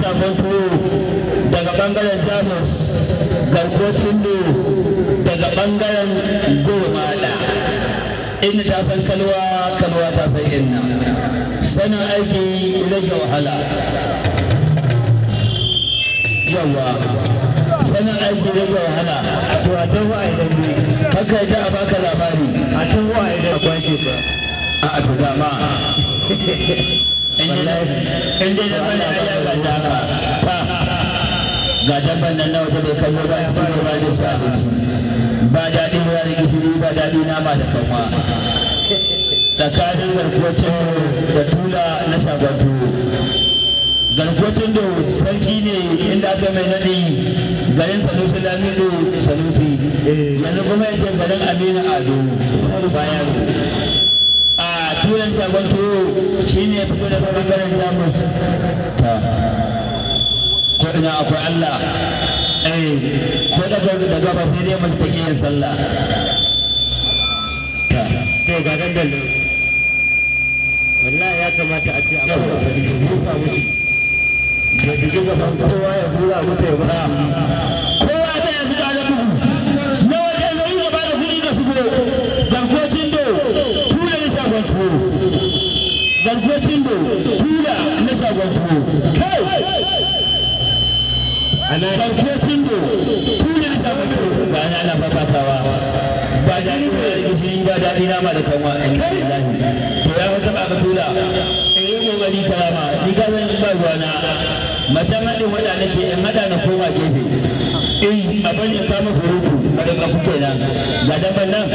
na shafon daga bangaren jamus garko cindo daga bangaren gurmada inda ta san kalwa kalwa ta san inna Sana aiki rage wahala yawa Sana aiki rage wahala to a tawo a idan haka ya a baka labari a tawo a idan kwanke ba a tuga ma in dai da bane Allah ba da ka ta ga dabban nan na ta bai kallo ba cikin ruwa da shi abinci ba daɗi ruwa da gishiri ba daɗi nama da kanwa tsakanin garkuwacin da tula na shagon tuwo garkuwacin da sarki ne inda aka mai naɗi garin sanusi lamido sanusi eh. yanzu kuma ya ce garin aminu ado bayan bulan shagon tuwo shi ne fito daga bangaren jamus ko ina akwai allah ai eh, ko daga da gaba sai dai mutum yin sallah to eh, ga wallahi ya kamata a ce a kowa ta jiki buka da jiki kowa ya bura musu ya bura kowa ta yanzu ga bugu nawa ta yanzu ba da kuɗi da su zarfe tindo tura na shagwantu kai zarfe tindo tura na shagwantu ba na ana fafatawa ba da ni da gishiri ba da ina ma da kanwa in kai to ya wata ba ka tura. Eh, in yi kokari karama ni ka san ba ruwana masan haɗin wada nake in hada na koma gefe eh a ya kama furutu madan kafu kenan ga daban nan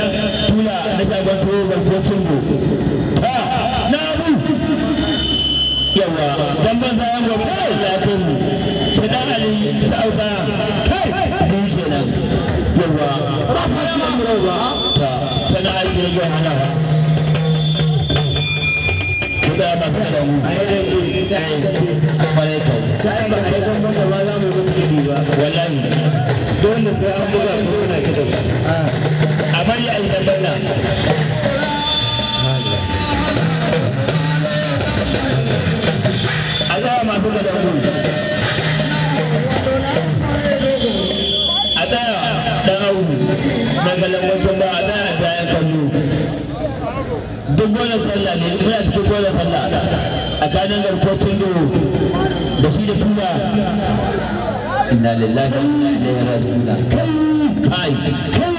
tura na shagwantu zarfe tindo ha yawa dan ban sa yan gobe ya kai mu sai dan ali sa'auta kai dan yawa ba ta ai hana ba da mu ku sai sai ba za mu ba wallahi dole sai an buga ko na a yin sallah ne muna cikin koyar sallah tsakanin garkocin doro da shi da inna lillahi wa inna ilaihi raji'un kai kai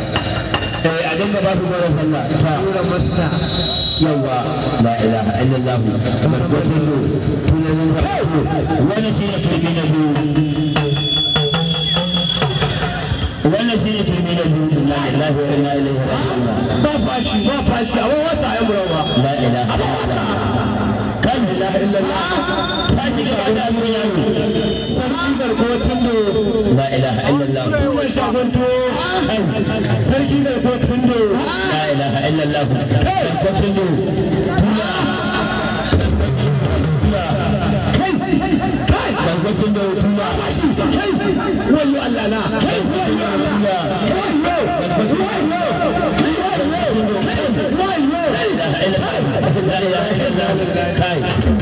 ba su gwada sallah ta tura masta yawa la ilaha illallah tunanin wani shi ne turmi na biyu wannan shi ne turmi na biyu ba fashi ba fashi a wasa ya murawa la ilaha illallah kan la ilaha illallah ga ilaha illallah kuma shagonto sarki mai la ilaha illallah tuna da wayo Allah na wayo wayo wayo wayo wayo wayo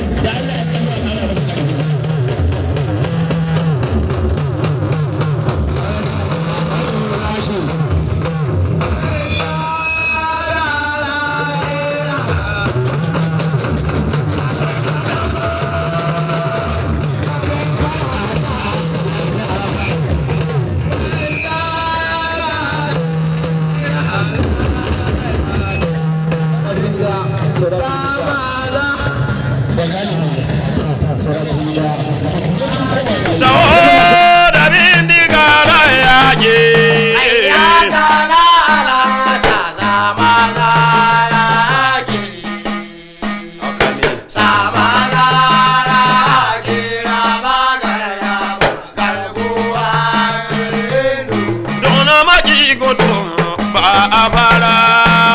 shi gudun ba a fara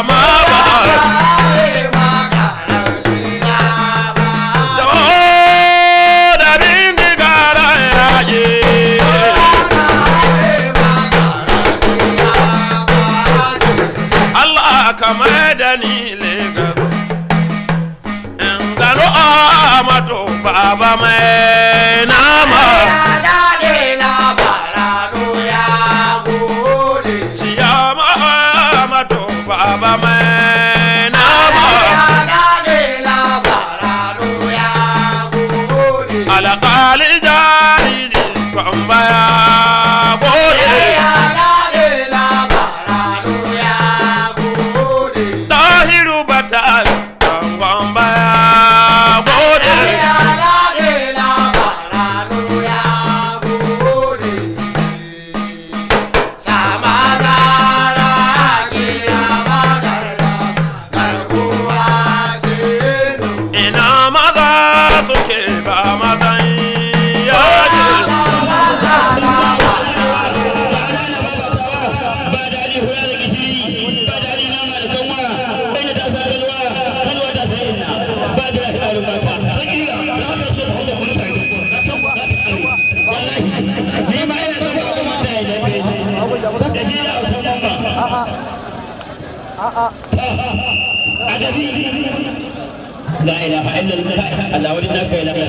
ma ba kamar da ni legas in gano a baba A'a. A'a. A'a. la ilaha illallah Allah wani naka ilaha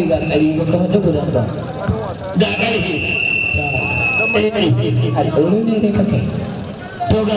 ce ga ƙari ba ka ta guda ba ga ƙarfe a tsoro ne kakai to ga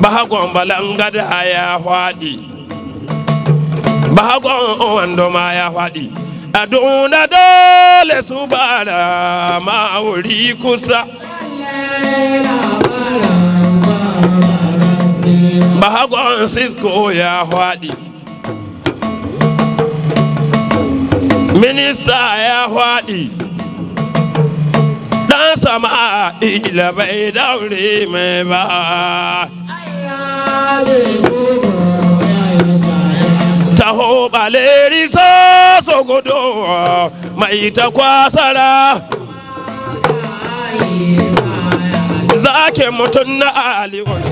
bahagon balangada ya faɗi bahagon wando ma ya hwadi aduna dole subala ma wuri kusa bahagon Sisko ya hwadi minista ya hwadi dan sama ila bai daure mai ba taho baleri sa sogodo mai ta kwasara zake mutum na aliwan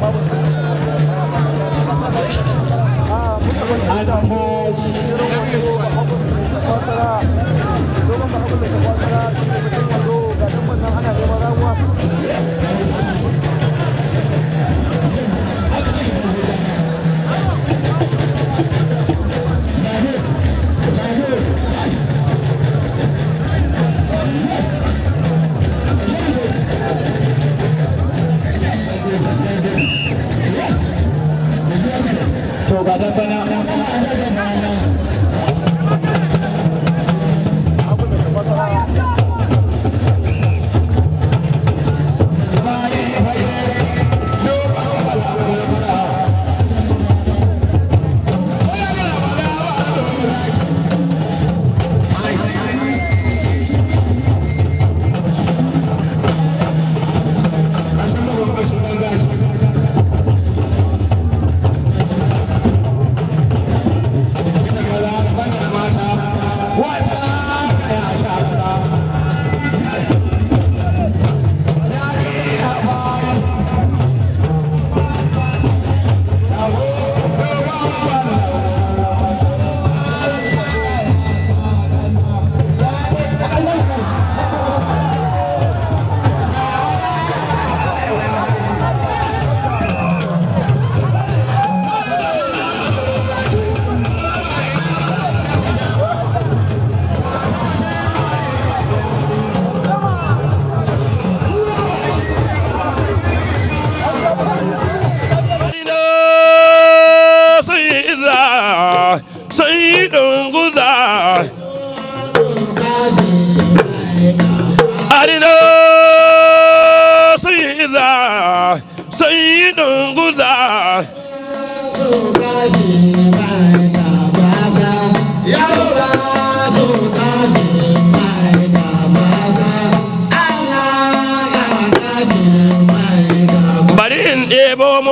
Babu and pause. Thank you.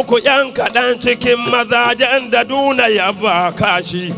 ku yan kaɗan cikin mazajen da duna ya ba kashi.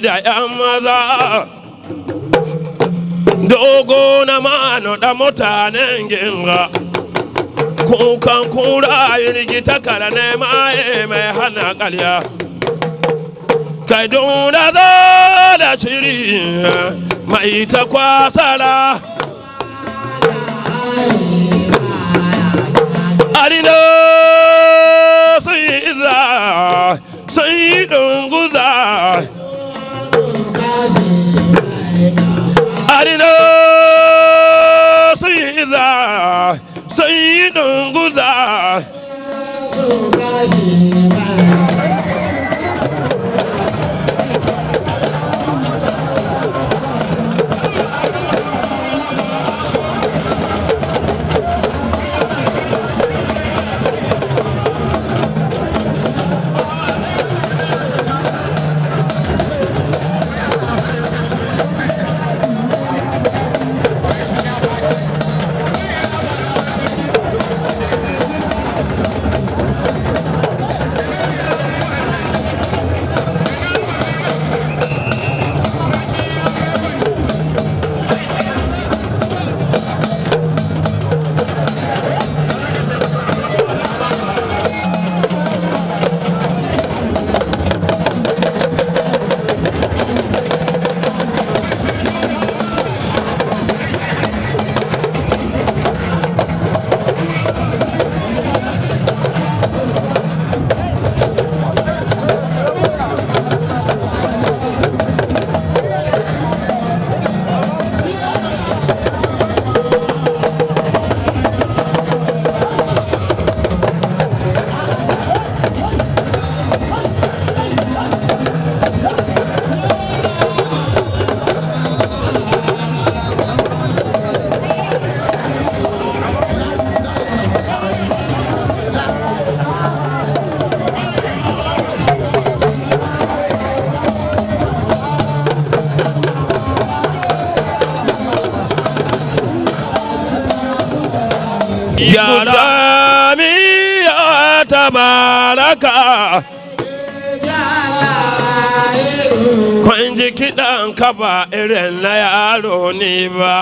da yan maza dogo na mano da mutanen ginga kukan kura yirgi takara ne maye mai hana kalya kai duna da da shiri mai ta kwasara arina ji kiɗan ka ba irin na yaro ne ba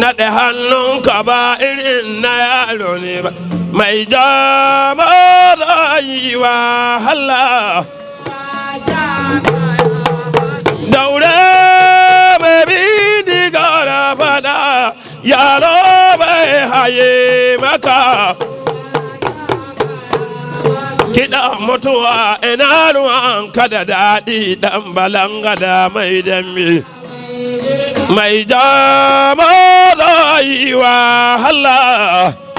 naɗe hannun ka ba irin na yaro ne ba mai yi rayuwa hala daure mai bi diga fada yaro bai haye maka da mutuwa ina ruwan kada da daɗi dan balanga da mai dambe mai jama rayuwa Allah